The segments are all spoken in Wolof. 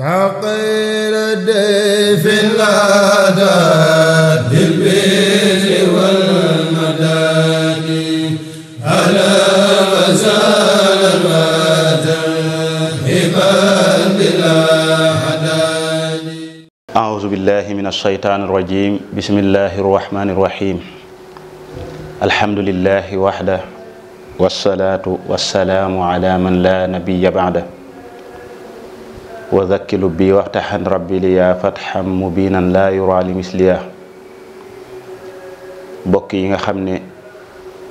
yaa xayr dayf ataa bil birri wal madaadi ahlan wa sahlan wa tarhiban bilaa hadaadi aawuzu billaahi mina shaytaani rajiim bismillaahi rahmaani rahiim alhamdulillaahi wahdahu wassalaatu wassalaamu alaa man laa nabiyya ba'dahu wa zakkilu bi waftahan rabbi liya fatxan mubinan laa yura li misliya yi nga xam ne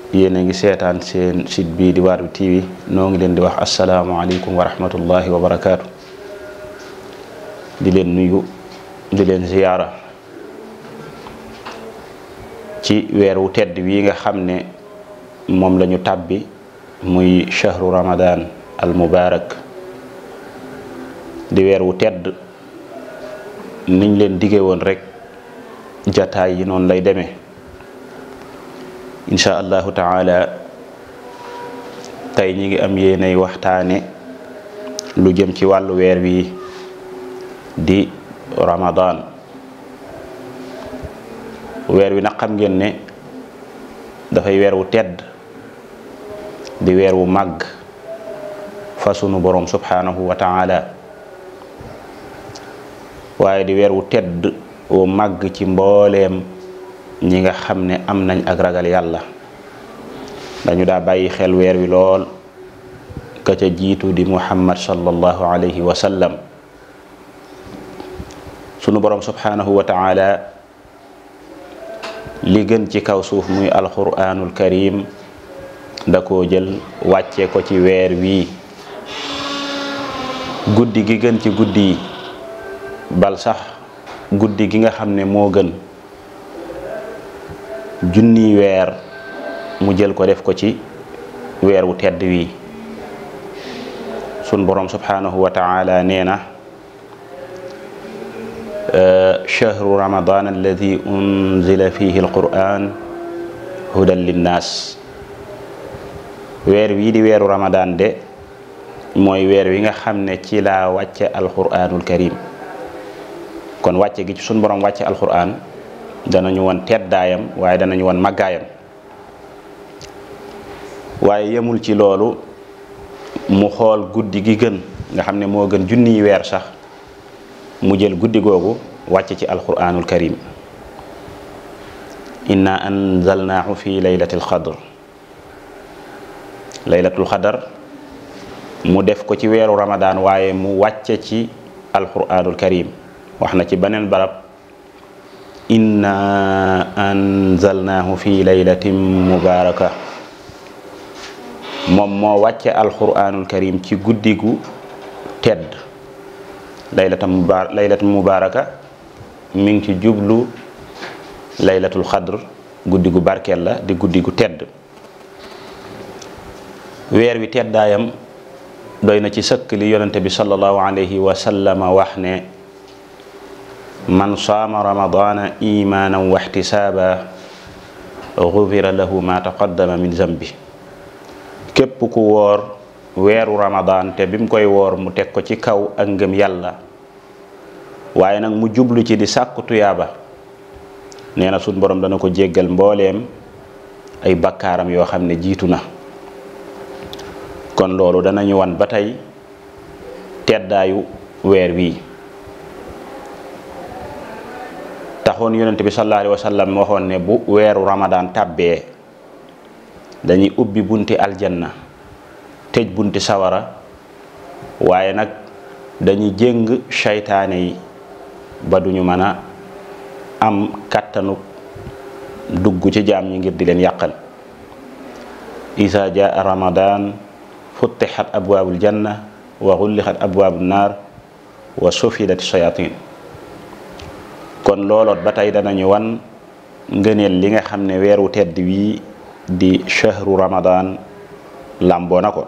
yéen a ngi seetaan seen site bii di Waarwi TV noo ngi leen di wax asalaamualeykum wa rahmatullahi wa barakaatu di leen nuyu di leen ziyaara ci weer wu tedd wi nga xam ne moom lañu tàbbi muy chahru ramadan al di weer wu tedd niñ leen digge woon rek jataay yi noonu lay deme incha allahu taala tey ñi ngi am yéenay waxtaane lu jëm ci wàllu weer wi di Ramadan weer wi nag xam ngeen ne dafay weer wu tedd di weer wu màgg fa sunu borom subhanahu wa taala waaye di weer wu tedd wu màgg ci mboolem ñi nga xam ne am nañ ak ragal yàlla dañu daa bàyyi xel weer wi lool ka ca jiitu di muhammad sallallahu alayhi wa sallam sunu borom subhanahu wa taala li gën ci kaw suuf muy alquranul karim da koo jël wàcce ko ci weer wi guddi gi gën ci guddi yi bal sax guddi gi nga xam ne moo gën junni weer mu jël ko def ko ci weer wu tedd wii sun borom subhanahu wa taala nee na chahru euh, ramadan alladi unzila fihi alquran hudan linnaas weer wii di weeru ramadan de mooy weer wi nga xam ne ci la wàcce alquranul karim kon wàcce gi ci suñu borom wàcce alxuraan danañu woon teddaayam waaye danañu woon màggaayam waaye yemul ci loolu mu xool guddi gi gën nga xam ne moo gën junniy weer sax mu jël guddi googu wàcce ci alxuraanul karim inna anzalnaahu fi laylatil xadr laylatul xadar mu def ko ci weeru ramadaan waaye mu wàcce ci alxuraanul karim wax na ci beneen barab inna anzalnaahu fi laylatin mubaraka moom moo wàcce alquranul karim ci guddi gu tedd laylata mubar laylatu mubaraka ngi ci jublu laylatul xadr guddi gu barkeel la di guddi gu tedd weer wi teddaayam doy na ci sëkk li bi sallallahu alayhi wa sallama wax ne man saama ramadaana imaanan wa ixtisaaba gufira lahu ma taqaddama min zambi képp ku woor weeru ramadaan te bim koy woor mu teg ko ci kaw ak ngëm yàlla waaye nag mu jublu ci di sàkku tuyaaba nee na suñ borom dana ko jéggal mbooleem ay bakkaaram yoo xam ne jiitu na kon loolu danañu wan ba tey teddaayu weer wii taxoon yonent bi waxoon ne bu weeru ramadaan tàbbee dañuy ubbi bunti aljanna tëj bunti sawara waaye nag dañuy jéng seytaane yi ba duñu mën a am kàttanu dugg ci jaam ñi ngir di leen yàqal isa jaa ramadan futtixat abwaabul janna wa xullixat abwaabul naar wa sufidat shayatin kon looloot ba tey danañu wan ngëneel li nga xam ne weeru tedd wii di shahru ramadan làmboo na ko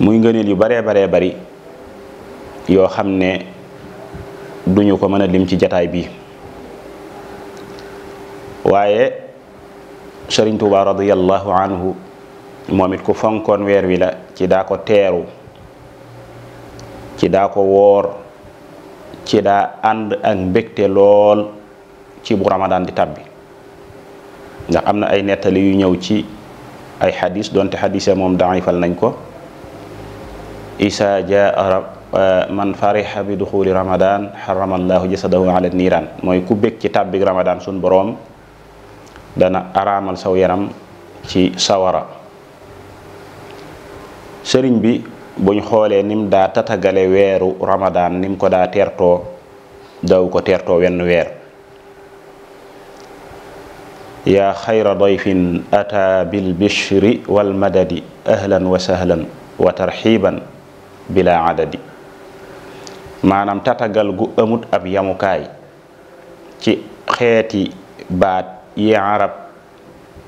muy ngëneel yu baree baree bari yoo xam ne duñu ko mën a lim ci jataay bi waaye sëriñ Tuuba radiyallahu anhu moom it ku fonkoon weer wi la ci daa ko teeru ci daa ko woor ci daa ànd ak mbégte lool ci bu ramadaan di tàbbi ndax am na ay nettali yu ñëw ci ay xadis donte xadis ya moom fal nañ ko isa jaa eh, man fariha bi duxuli ramadan xaramallahu jasadahu ala niiraan mooy ku bég ci tàbbik ramadan sun boroom dana araamal saw yaram ci sawara sëriñ bi buñ xoolee nim daa tatagale weeru ramadaan nim ko daa teertoo daw ko teertoo wenn weer yaa xayra dayfin ataa bilbishri walmadadi ahlan wa sahlan wa tarxiiban bila adadi maanaam tatagal gu amut ab yamukaay ci xeeti baat yi arab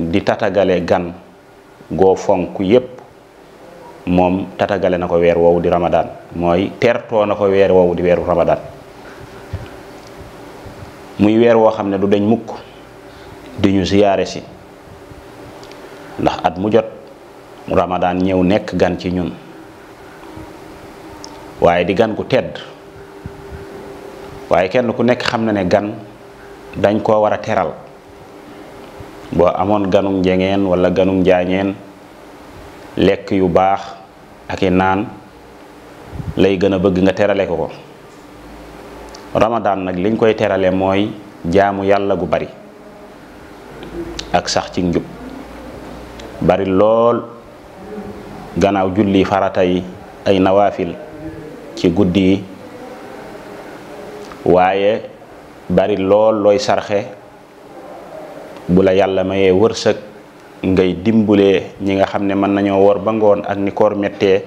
di tatagale gan goo fonk yépp moom tatagale na ko weer woowu di ramadaan mooy tertoo na ko weer woowu di weeru ramadaan muy weer woo xam ne du dañ mukk di ñu siyaare si ndax at mu jot ramadaan ñëw nekk gan ci ñun waaye di gan ku tedd waaye kenn ku nekk xam na ne gan dañ koo war a teral boo amoon ganum njengeen wala ganum njaañeen lekk yu baax ak i naan lay gën a bëgg nga terale ko ko ramadaan nag liñ koy terale mooy jaamu yàlla gu bari ak sax ci njub bari lool gannaaw julli farata yi ay nawaafil ci guddi waaye bari lool looy sarxe bu la yàlla mayee wërsëg ngay dimbulee ñi nga xam ne mën nañoo wor ba ngoon ak ni koor mettee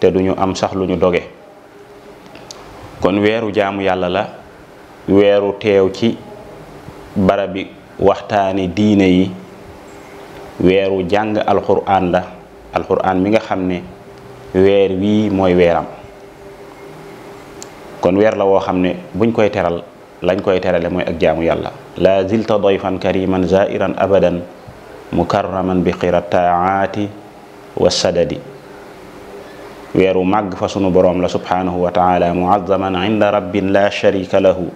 te duñu am sax lu ñu doge kon weeru jaamu yàlla la weeru teew ci barabi waxtaani diine yi weeru jàng alxuraan la alxuraan mi nga xam ne weer wii mooy weeram kon weer la woo xam ne buñ koy teral lañ koy terale mooy ak jaamu yàlla la zilta dayfan kariman zairan abadan mukarraman bi xira taati wa sadadi weeru màgg fa sunu borom la subhaanahu wa taala muazzaman inda rabbin la sharika lahu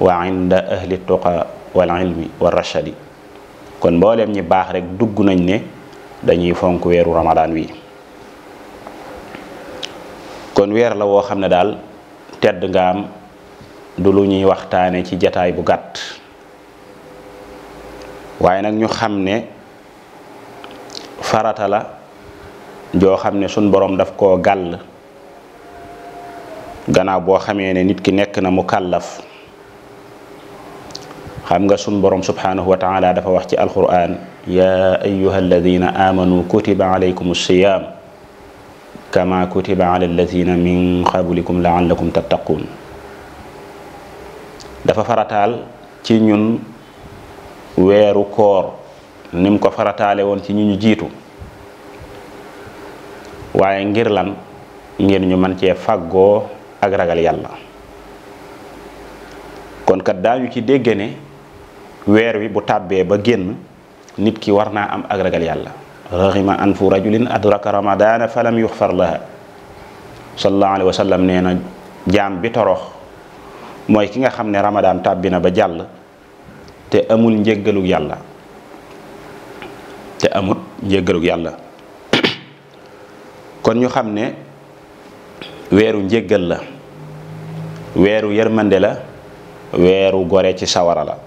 wa inda ahli tuqa wal ilmi wa rashadi kon mbooleem ñi baax rek dugg nañ ne dañuy fonk weeru ramadaan wi kon weer la woo xam ne daal tedd nga am du lu ñuy waxtaane ci jataay bu gàtt waaye nag ñu xam ne farata la joo xam ne suñ boroom daf koo gàll gannaaw boo xamee ne nit ki nekk na mu kàllaf xam nga sun boroom subhanahu wa taala dafa wax ci alquran ya ayuha alladina amanu kutiba alaykum alsiyam kama kutiba ala alladina min qablikum laallakum tattaqun dafa farataal ci ñun weeru koor ni ko farataale woon ci ñi ñu jiitu waaye ngir lan ngir ñu man cee fàggoo ak yàlla kon kat daañu ci dégg ne weer wi bu tàbbee ba génn nit ki war naa am ak ragal yàlla raxima an fu rajulin adraka ramadana falam yuxfar laha sallallahu alayhi wa sallam na jaam bi torox mooy ki nga xam ne ramadaan tàbbi na ba jàll te amul njëggalug yàlla te amut njëggalug yàlla kon ñu xam ne weeru njëggal la weeru yërmande la weeru gore ci sawara la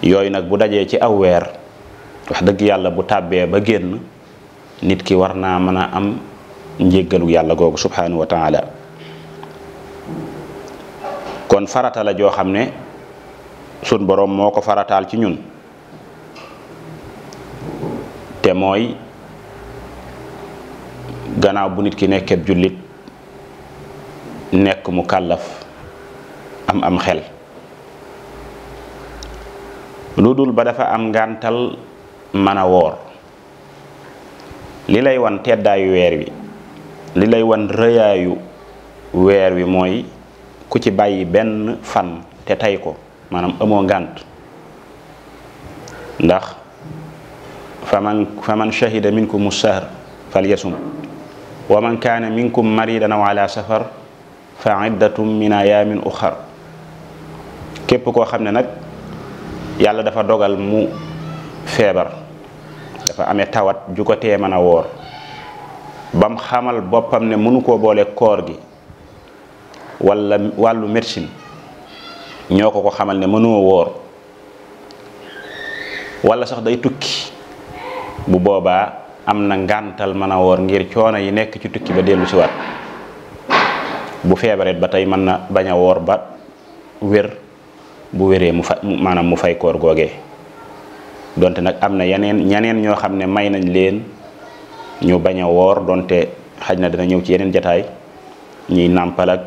yooyu nag bu dajee ci aw weer wax dëgg yàlla bu tàbbee ba génn nit ki war naa mën a am njéggalu yàlla googu subhanahu wa kon farata joo xam ne sun boroom moo ko farataal ci ñun te mooy gannaaw bu nit ki nekkee jullit nekk mu kàllaf am am xel lu dul ba dafa am ngàntal mën a woor li lay wan teddaayu weer wi li lay wan rëyaayu weer wi mooy ku ci bàyyi benn fan te tey ko maanaam amoo ngant ndax faman faman shahida minkum shahr falyasum wa man kaana minkum maridan aw ala safar fa iddatum min ayaamin uxar képp koo xam ne nag yàlla dafa dogal mu feebar dafa ame tawat ju ko tee mën a woor bam xamal boppam ne mënu koo boole koor gi wala wàllu médecine ñoo ko ko xamal ne mënoo woor wala sax day tukki bu boobaa am na ngàntal mën a woor ngir coono yi nekk ci tukki ba dellu si waat bu feebareet ba tey mën na bañ a woor ba wér bu wéree mu fa maanaam mu fay koor googee donte nag am na yeneen ñeneen ñoo xam ne may nañ leen ñu bañ a woor donte xaj na dana ñëw ci yeneen jataay ñuy nàmpal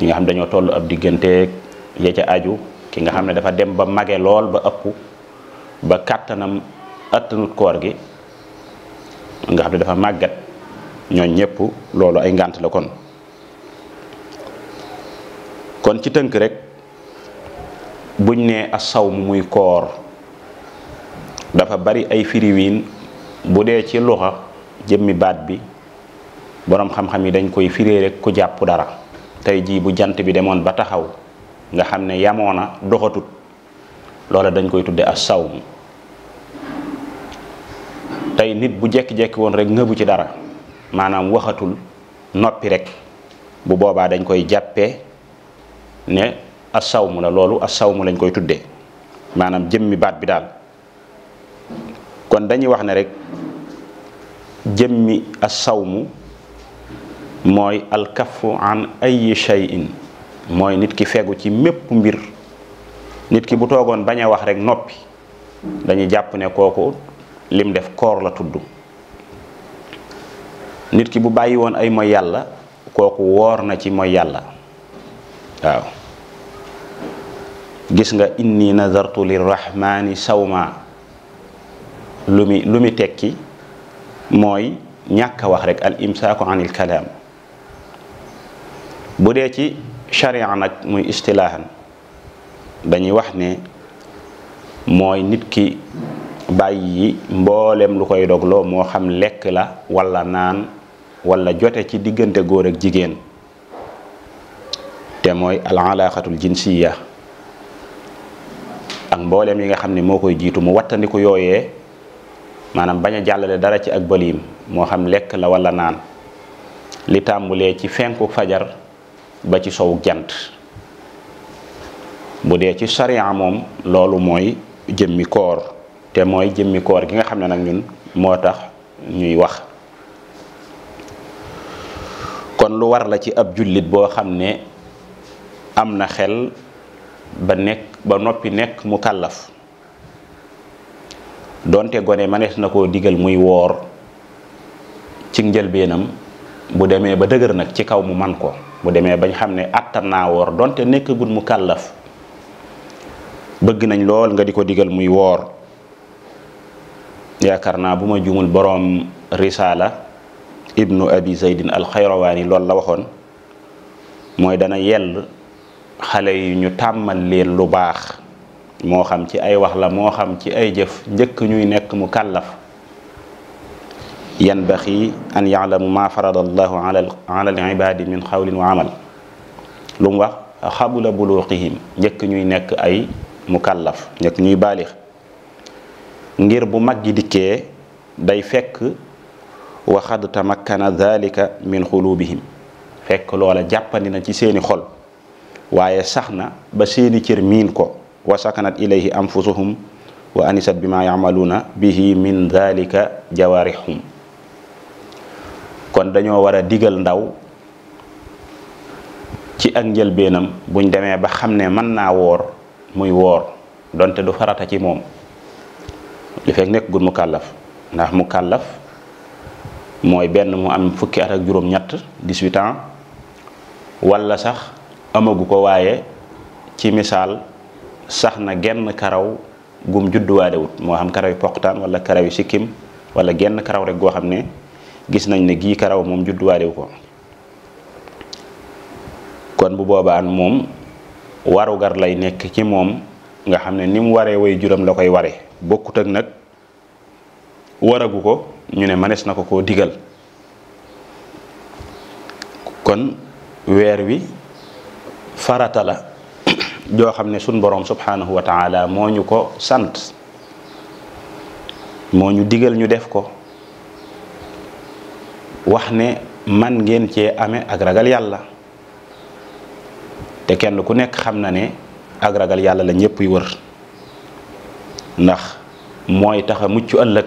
ñu nga xam dañoo toll ab digganteeg ya ca aju ki nga xam ne dafa dem ba mage lool ba ëpp ba kàttanam attanut koor gi nga xam ne dafa màggat ñooñ ñëpp loolu ay ngànt la kon kon ci tënk rek buñ ne asaw muy koor dafa bari ay firiwiin bu dee ci luxa jëmmi baat bi boroom xam-xam yi dañ koy firee rek ku jàpp dara tey jii bu jant bi demoon ba taxaw nga xam ne yamoo na doxatut loola dañ koy tudde as sawm tey nit bu jekki-jekki woon rek ngëbu ci dara maanaam waxatul noppi rek bu boobaa dañ koy jàppe ne as sawm la loolu as sawm lañ koy tuddee maanaam jëmmi baat bi daal kon dañuy wax ne rek jëmmi as sawmu mooy alkafu an ayi shay'in mooy nit ki fegu ci mépp mbir nit ki bu toogoon bañ a wax rek noppi dañuy jàpp ne kooku lim def koor la tudd nit ki bu bàyyi woon ay mooy yàlla kooku woor na ci mooy yàlla waaw gis nga inni nazartu lirrahmani sawma lu mi lu mu tekki mooy ñàkk a wax rek al imsaaku anil kalaam bu dee ci sharia nag muy istilaahan dañuy wax ne mooy nit ki bàyyi mboolem lu koy dogloo moo xam lekk la walla naan walla jote ci diggante góor ak jigéen te mooy al alaqatul jinsiya ak mboolem yi nga xam ne moo koy jiitu mu wattandiku yooyee maanaam bañ a jàllale dara ci ak bëliim moo xam lekk la walla naan li tàmbulee ci fenku fajar ba ci sowu jant bu dee ci sariya moom loolu mooy jëmmi koor te mooy jëmmi koor gi nga xam ne nag ñun moo tax ñuy wax kon lu war la ci ab jullit boo xam ne am na xel ba nekk ba noppi nekk mu kàllaf doonte gone manees na koo digal muy woor ci njëlbeenam bu demee ba dëgër nag ci kaw mu man ko bu demee bañ xam ne attan naa woor donte nekkagul mu kàllaf bëgg nañ lool nga di ko diggal muy woor yaakaar naa bu ma jumul boroom risaala ibnu abi zaydin alxayrawaani loolu la waxoon mooy dana yell xale yi ñu tàmbal leen lu baax moo xam ci ay wax la moo xam ci ay jëf njëkk ñuy nekk mu kàllaf yanbaxi an yaalamu ma farada allahu ala al ibaadi min xawlin wa amal lu mu wax xabula buluqihim njëkk ñuy nekk ay mukallaf njëkk ñuy baalix ngir bu mag gi dikkee day fekk waxad tamakkana dalika min xulubihim fekk loola jàppandi na ci seeni xol waaye sax na ba seeni cër miin ko wa sakanat ilayhi anfusuhum wa anisat bi ma yamaluuna bihi min dalika jawaarihum kon dañoo war a digal ndaw ci ak njëlbeenam buñ demee ba xam ne mën naa woor muy woor donte du farata ci moom li fekk nekk gul mu kàllaf ndax mu kàllaf mooy benn mu am fukki at ak juróom-ñett 18 ans wala sax amagu ko waaye ci misaal sax na genn karaw gum judduwaadewut moo xam karaw yi poqtaan wala karaw yu sikkim wala genn karaw rek goo xam ne gis nañ ne gii karaw moom judduwaalewu ko kon bu boobaan moom warugar lay nekk ci moom nga xam ne ni mu waree way juram la koy ware bokkut ak nag waragu ko ñu ne manees na ko koo digal kon weer wi farata la joo xam ne sun boroom subhanahu wa taala moo ñu ko sant moo ñu digal ñu def ko wax ne man ngeen cee amee ak ragal yàlla te kenn ku nekk xam na ne ak ragal yàlla la ñëpp yu wër ndax mooy tax a mucc ëllëg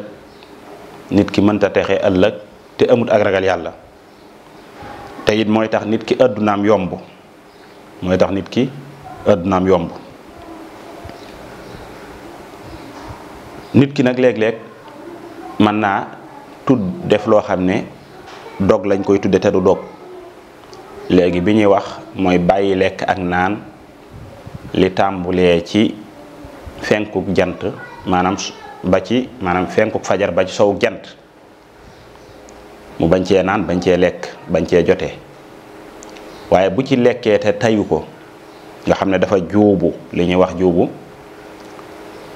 nit ki mënta texe ëllëg te amut ak ragal yàlla te it mooy tax nit ki addunaam yomb mooy tax nit ki addunaam yomb nit ki nag léeg-léeg mën naa tudd def loo xam ne dog lañ koy tudde te du dog léegi bi ñuy wax mooy bàyyi lekk ak naan li tàmbulee ci fenku jant maanaam ba ci maanaam fenkuk fajar ba ci sow jant mu bañ cee naan bañ cee lekk bañ cee jotee waaye bu ci lekkee te tayu ko nga xam ne dafa juubu li ñuy wax juubu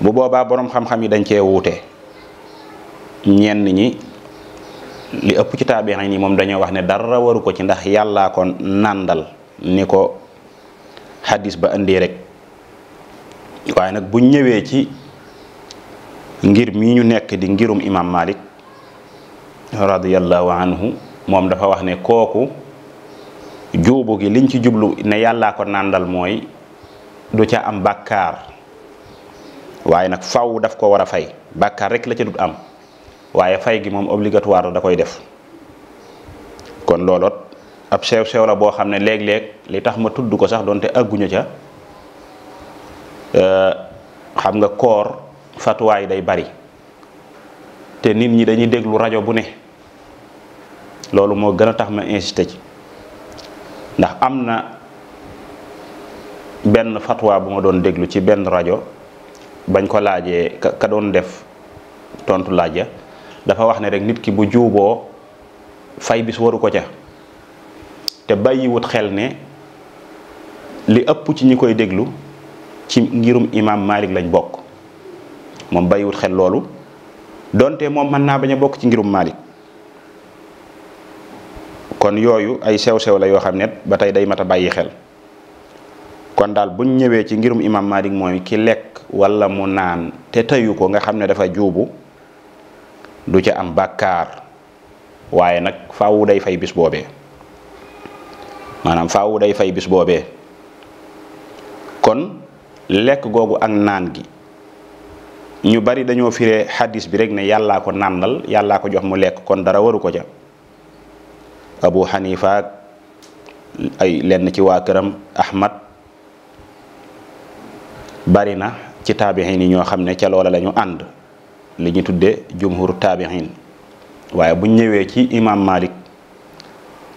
bu boobaa boroom xam-xam yi dañ cee wuute ñenn ñi li ëpp ci taabiin yi moom dañoo wax ne dara waru ko ci ndax yàllaa ko nandal ni ko xadis ba indi rek waaye nag bu ñëwee ci ngir mii ñu nekk di ngirum imam malik radiyallahu anhu moom dafa wax ne kooku juubu ki liñ ci jublu ne yàllaa ko nàndal mooy du ca am bakkaar waaye nag faw daf ko war a fay bàkkaar rek la ca am waaye fay gi moom obligatoire da koy def kon looloot ab sew sew boo xam ne léeg-léeg li tax ma tudd ko sax donte àgguñu ca euh, xam nga koor fatwaay day bari te nit ñi dañuy déglu rajo bu ne loolu moo gën a tax ma insisté ci ndax am na benn fatwa bu ma doon déglu ci benn rajo bañ ko laajee ka doon def tontu laaj ya dafa wax ne rek nit ki bu juuboo fay bis waru ko ca te bàyyiwut xel ne li ëpp ci ñi koy déglu ci ngirum imam Malik lañ bokk moom bàyyiwut xel loolu donte moom mën naa bañ a bokk ci ngirum Malik kon yooyu ay sew-sew la yoo xam ne ba tey day mat a bàyyi xel kon daal buñ ñëwee ci ngirum imam Malik mooy ki lekk walla mu naan te teyu ko nga xam ne dafa juubu du ca am bàkkaar waaye nag faawu day fay bis boobe maanaam faawu day fay bis boobe kon lekk googu ak naan gi ñu bari dañoo firee xadis bi rek ne yàllaa ko nàndal yàllaa ko jox mu lekk kon dara waru ko ja abu xanifa ay lenn ci waa këram ahmad bari na ci taabixiin yi ñoo xam ne ca loola lañu ànd li ñu tudde jumhuru taabiin waaye bu ñëwee ci imam malik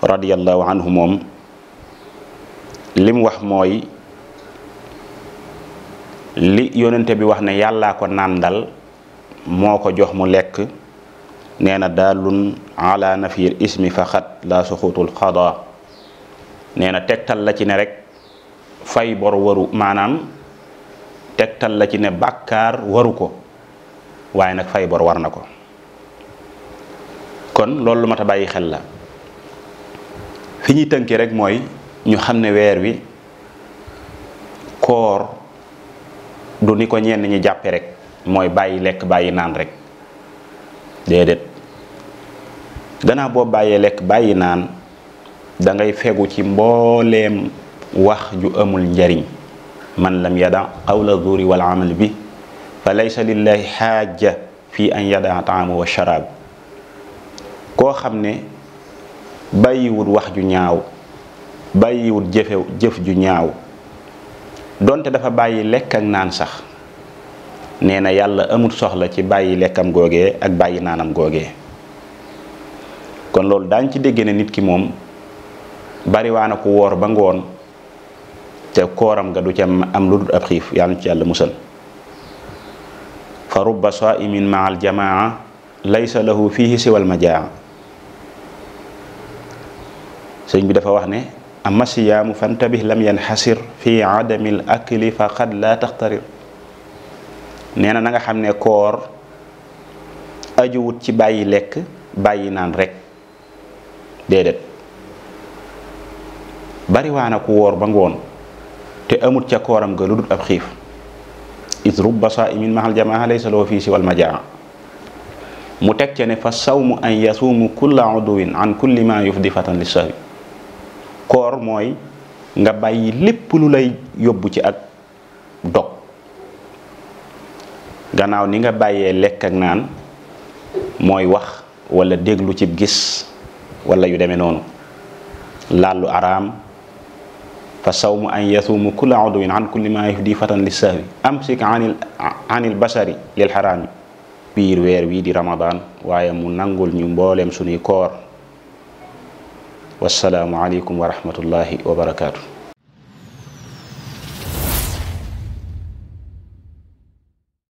radiallahu moom lim wax mooy li yonente bi wax na yàllaa ko nàndal moo ko jox mu lekk nee na daalun ala nafiyil ismi faqat la suxutul qada nee tegtal la ci ne rek fay bor waru maanaam tegtal la ci ne waru ko waaye nag fay bor war na ko kon loolu lu mat a bàyyi xel la fi ñuy tënkee rek mooy ñu xam ne weer wi koor du ni ko ñenn ñi jàppe rek mooy bàyyi lekk bàyyi naan rek déedéet gannaaw boo bàyyee lekk bàyyi naan da ngay fegu ci mbooleem wax ju amul njariñ man lam yada qawla yi wal amal bi fa laysa lillahi xaaja fi an yadaa taamu wa sharaab koo xam ne bàyyiwul wax ju ñaaw bàyyiwul jëfe jëf ju ñaaw doonte dafa bàyyi lekk ak naan sax nee na yàlla amul soxla ci bàyyi lekkam googee ak bàyyi naanam googe kon loolu daañ ci dégg ne nit ki moom bariwaana ku woor ba ngoon te kooram nga du ca am lu dul ab xiif yàlla ci yàlla musal fa rubba saimin maa aljamaa laysa lahu fihi siwal majaa sëñ bi dafa wax ne amma siyaamu fantabih lam yanxasir fi adami l akli fa qad la taxtarir nee na xam ne koor ajuwut ci bàyyi lekk bàyyi naan rek déedéet bari waa ku woor ba ngoon te amut ca kooram ga ab xiif is rubba saa'imin mahal jamaa laysa lahu fii siwal majaa mu teg ca ne fa mu an yasuumu kulla uduwin an kulli ma yufdi fatan li koor mooy nga bàyyi lépp lu lay yóbbu ci ak dog gannaaw ni nga bàyyee lekk ak naan mooy wax wala déglu cib gis wala yu demee noonu laal lu araam fa sawmu an yasuumu kulla udwin an kulli maa yufdi fatan li sahwi amsik anil anil basari lil xaraami biir weer wii di ramadaan waaye mu nangul ñu mbooleem suñuy koor wasalaamu aleykum wa rahmatullahi wa barakaatu